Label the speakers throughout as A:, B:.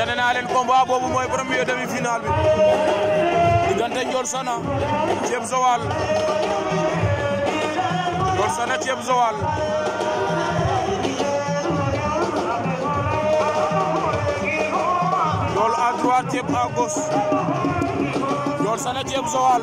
A: te nee naa leen combat boobu mooy premier demi final bi diggante Ndiol Sana Thieb Joal Ndiol Sana Thieb Joal Ndiol à droite Thieb à gauche Ndiol Sana Thieb Joal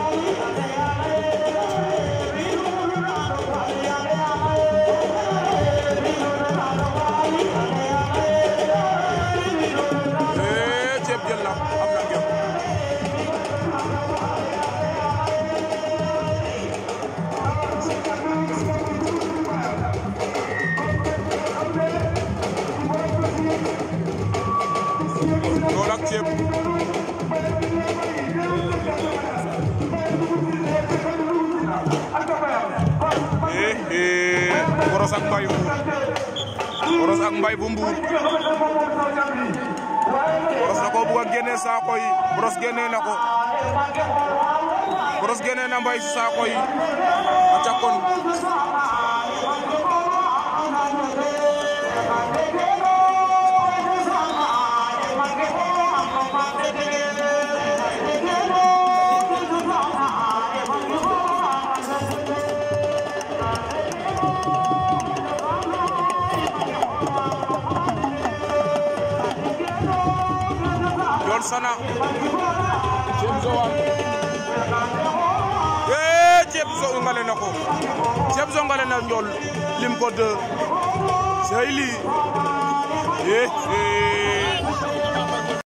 A: loolu ak ceeb eh, eh boros ak mbay bu boros ak mbay bu mbuur boros na ko bugg a génne saako yi boros génne na ko boros génne na mbay si saako yi a cakkoon Ousmane Sana Diep Zo waat yee Diep Zo ngale na ko Diep Zo ngale na njool lim ko deux sey lii eh, eh.